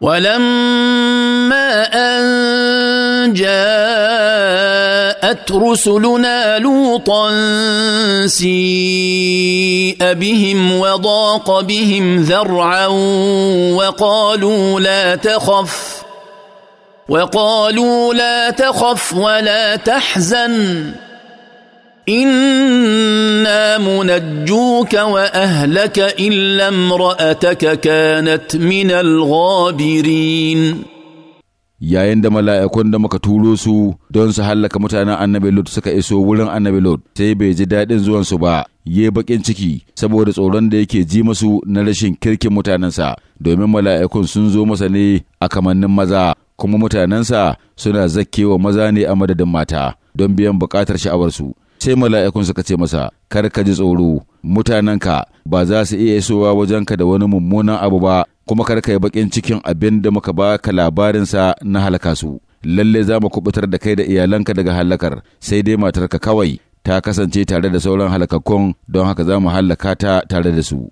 ولما ان جاءت رسلنا لوطا سيء بهم وضاق بهم ذرعا وقالوا لا تخف وقالوا لا تخف ولا تحزن إن نعلم نجوك واهلك الا امراتك كانت من الغابرين yayin da mala'ikun da muka turo su don su hallaka mutanen annabi Lot suka iso wurin annabi Lot sai bai ji daɗin zuwansu ba ya baƙin ciki saboda tsoron da yake ji masu na rashin kirkin mutanensa domin mala'ikun sun zo masa ne a kamannin maza kuma mutanensa suna zakkewa maza ne a madadin mata don biyan buƙatar sha'awarsu sai mala'ikun suka ce masa kar ka ji tsoro mutanenka ba za su iya isowa wajenka da wani mummunan abu ba kuma kar ka yi bakin cikin abin da muka ba ka labarinsa na halaka su lalle za mu kubutar da kai da iyalanka daga halakar sai dai matarka kawai ta kasance tare da sauran halakakkun don haka za mu halaka ta tare da su